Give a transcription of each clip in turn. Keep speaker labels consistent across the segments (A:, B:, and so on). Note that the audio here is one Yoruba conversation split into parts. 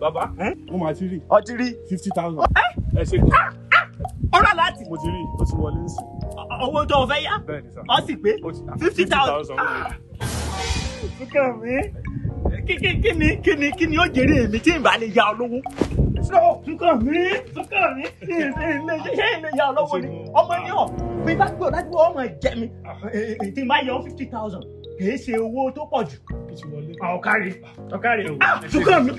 A: bàbá mo máa ti rí ọ ti rí fifty thousand ẹ ṣe kí ọ̀rọ̀ láti. mo ti rí o ti wọlé ń sìn. owó tó o fẹ́ yá ọ sì pé fifty thousand. kíkẹ́ mi kí ni kí ni kí ni ó jèrè mi tí n bá lè ya olówó. kíkẹ́ mi kíkẹ́ mi ṣé ilé ya olówó ni ọmọ ní ọ̀ bí bá gbé ọ̀dájú ọmọ jẹ mi ah. tí n bá yọ fifty thousand kì í ṣe owó tó pọ̀ jù ọ̀kárí ọ̀kárí tukọ̀ mi.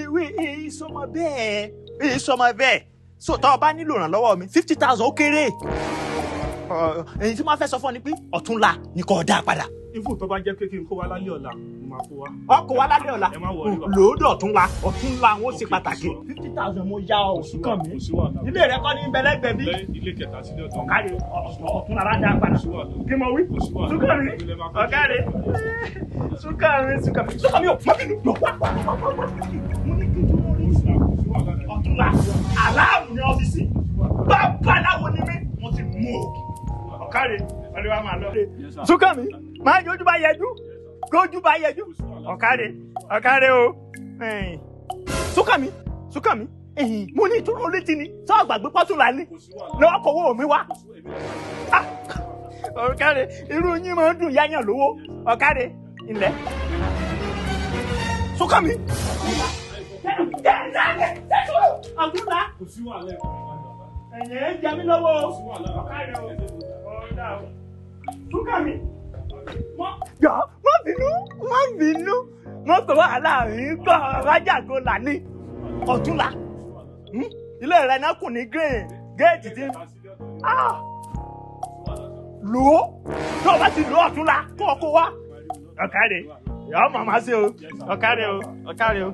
A: ìwé eh, ìsọmọ eh, eh, bẹ́ẹ̀ ìsọmọ bẹ́ẹ̀ so tọ́ ọ bá nílò ìrànlọ́wọ́ mi fifty thousand ó kéré èyí tí wọ́n fẹ́ sọ fún ọ ni pé ọ̀túnla ni kò dá padà ifo tó bá jẹ́ pé kí n kó wa lálẹ́ ọ̀la mo kó wa. ọkọ̀ wa lálẹ́ ọ̀la lòódọ̀ tún la ọ̀tún la wọn ṣe pàtàkì. fifty thousand mo ya oṣù kan mi ilé rẹ kọ́ ní bẹlẹ́gbẹ̀ bí. ilé kẹta sí ilé ọ̀tún. ọ̀kadì la bá padà kí mo wí. sukọ mi ọ̀kadì sukọ mi sukọ mọ kí ni yọ la àlá. ọ̀kàrẹ̀ ọ̀lẹ́wà máa lọ. Súnkànmí máa yọjú bá yẹjú kójú bá yẹjú ọ̀kàrẹ̀ ọ̀kàrẹ̀ o. Súnkànmí Súnkànmí mo ní ìtúrò létí ni sọ àgbàgbé pọ́tùlà ni lọ́wọ́ kọ̀wé mi wá. ọ̀kàrẹ̀ irú yín máa ń dùn yáyàn lówó ọ̀kàrẹ̀ ilẹ̀. Súnkànmí. Àgùnlá ẹ̀yẹ̀ ń jẹ mí lọ́wọ́ ọ̀ká rẹ̀ ọ̀dà túkàmì. yọ má bínú má bínú mo pè wá láàrin gbọ́ rájàgo lání ọ̀túnla hmm? ilé rẹ̀ náà kù ní green géètì tí ah! lò ó tó o bá ti lò ọ̀túnla kó o kó wá ọ̀kárẹ̀ yọ ọ́ màmá sí o ọ̀kárẹ̀ o ọ̀kárẹ̀ o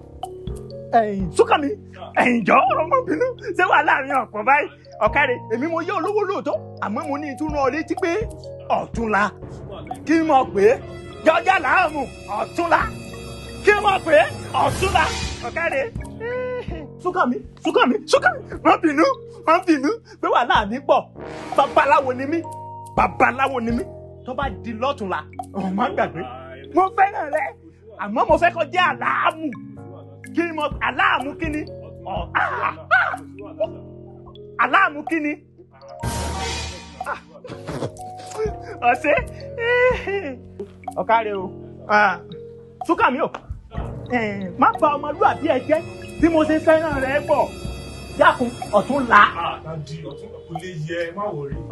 A: súnkànmí ẹ̀yìnjọ́ ọmọ bínú ṣé wà láàrin ọ̀pọ̀ báyìí ọ̀kẹ́rẹ́ èmi mo yẹ olówó lóòótọ́ àmọ́ mo ní ìtúrún ọ létí pé ọ̀túnla kí n mọ̀ pé jọjá làámù ọ̀túnla kí n mọ̀ pé ọ̀túnla ọ̀kẹ́rẹ́ súnkànmí súnkànmí súnkànmí má bínú má bínú pé wà láàrin pọ̀ babaláwo ni mí babaláwo ni mí tó bá di lọ́túnla ọ̀ má gbàgbé mo fẹ́ràn rẹ àmọ́ mo fẹ́ kọjá làámù kí mọ aláàmú kíni aláàmú kíni ọ̀sẹ̀ ọ̀kárẹ̀ o súnkàmí o má bà ọmọlúwàbí ẹ jẹ́ tí mo ṣe fẹ́ràn rẹ pọ̀ dákun ọ̀tún la.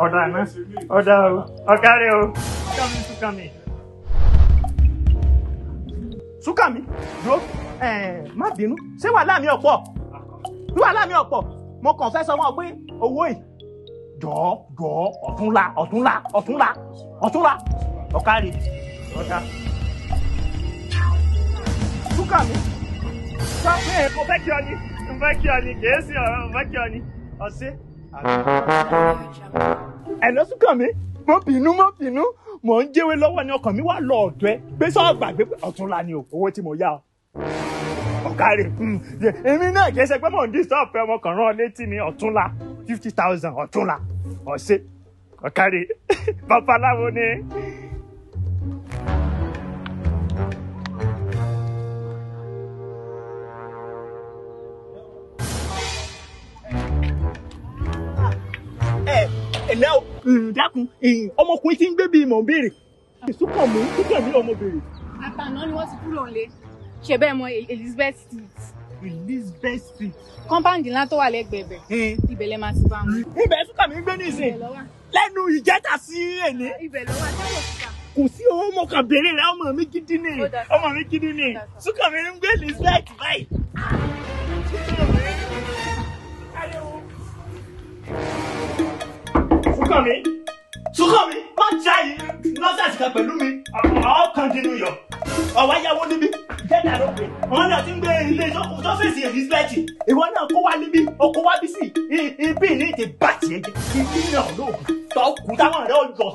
A: ọ̀dà ọ̀dà o ọ̀kárẹ̀ o súnkàmí súnkàmí súnkànmí dúró má bínú ṣé wàhálà mi ọ̀pọ̀ wàhálà mi ọ̀pọ̀ mo kàn fẹ́ sọ wọn pé owó yìí jọ̀ọ́ jọ̀ọ́ ọ̀túnla ọ̀túnla ọ̀túnla ọ̀túnla ọ̀kárí ọ̀dà súnkànmí sọ pé mo fẹ́ kí ọ ní mo fẹ́ kí ọ ní kìí sí ọ̀rọ̀ mo fẹ́ kí ọ ní ọ̀sẹ̀. ẹ̀ lọ́sùnkànmí mo bínú mo bínú mò ń jẹ́wé lọ́wọ́ ni ọkàn mi wà lọ́ọ̀dọ́ ẹ pé sọ́ọ̀ gbàgbé pé ọ̀tún la ni o owó tí mo yá o. ọ̀kárẹ̀ hmm. èmi náà kì í ṣe pé mò ń disturb pé ọmọkàn rán létí ni ọ̀tún la fifty thousand ọ̀tún la ọ̀sẹ̀ ọ̀kárẹ̀ babaláwo ni. ẹ̀lẹ́ o dákun ọmọkùnrin tí ń gbé bíi mọ̀ ń béèrè ìsúkọ̀ mú kíkẹ́ mi ọmọbìnrin. àtàná ni wọ́n ti kúrò lé ṣe bẹ́ẹ̀ mọ Elizabeth street. Elizabeth street. kọ́ńpáǹdì ńlá tó wà lẹ́gbẹ̀ẹ́ bẹ̀. ibẹ̀ lẹ́ máa ti bá wọn. ibẹ̀ Súnkànmí mi ń gbé nísìn lẹ́nu ìjẹ́ta sí èlé. ibẹ̀ ló wà táwọn òkúta kò sí owó mo kàn béèrè rẹ ọmọ mi gidi ni ọmọ mi gidi ni Súnkànmí mi ń gbé Elizabeth báyìí. Ah! business kan mi all yọ ọ̀wá yáwó níbí jẹ́ta ló pè wọ́n náà ti ń gbé ilé sọ́fíìsì ìfìsílẹ̀tì ìwọ náà kó wá níbí ọkọ̀ wá bí sí ibi ní ti bàjẹ́ ibi náà lóògùn tọ́kù táwọn ọ̀rẹ́ ọjọ́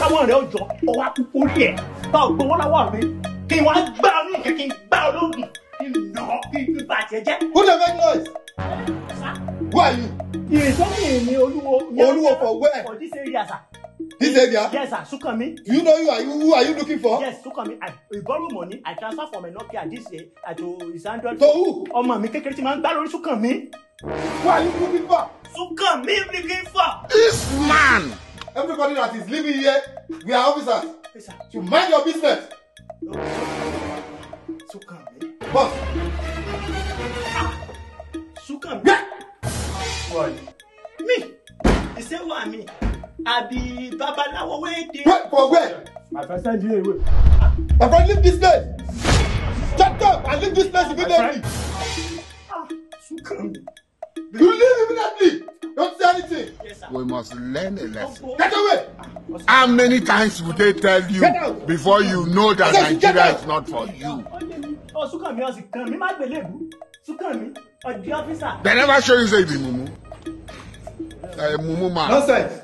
A: táwọn ọ̀rẹ́ ọjọ́ ọwọ́ akókó rí ẹ̀ bá ògbówó lọ́wọ́ mi kí wọ́n gbá ọdún kí kí n gbá ológun kí n nà kí n fi bàjẹ́ Who dey make noise? Who are you? Ìrètí ni olúwo. Olúwo for where? For this area sir. This area? Yes, sir. Sukanmi. Do you know who are you, who are you looking for? Yes, Sukanmi. I, I borrow money. I transfer from Nokia this year to his Android. To who? Ọmọ mi kékeré tí máa ń gbá lórí Sukanmi. Who are you looking for? Sukanmi looking for. This man. Everybody that is living here, we are officers. Yes, sir. You mind your business. No. Sukanmi. Boss. Ah. Sukanmi. Yeah. Who are abi babalawo wey dey. wait for where. my friend person dey away. my friend leave this place. shut up and leave this place immediately. ah sukan. you leave immediately. Don't say anything. Yes, we must learn a lesson. Get away! How many times would they tell you before you know that Nigeria is not for you? They never show you say the mumu. Uh, mumu man. No sense.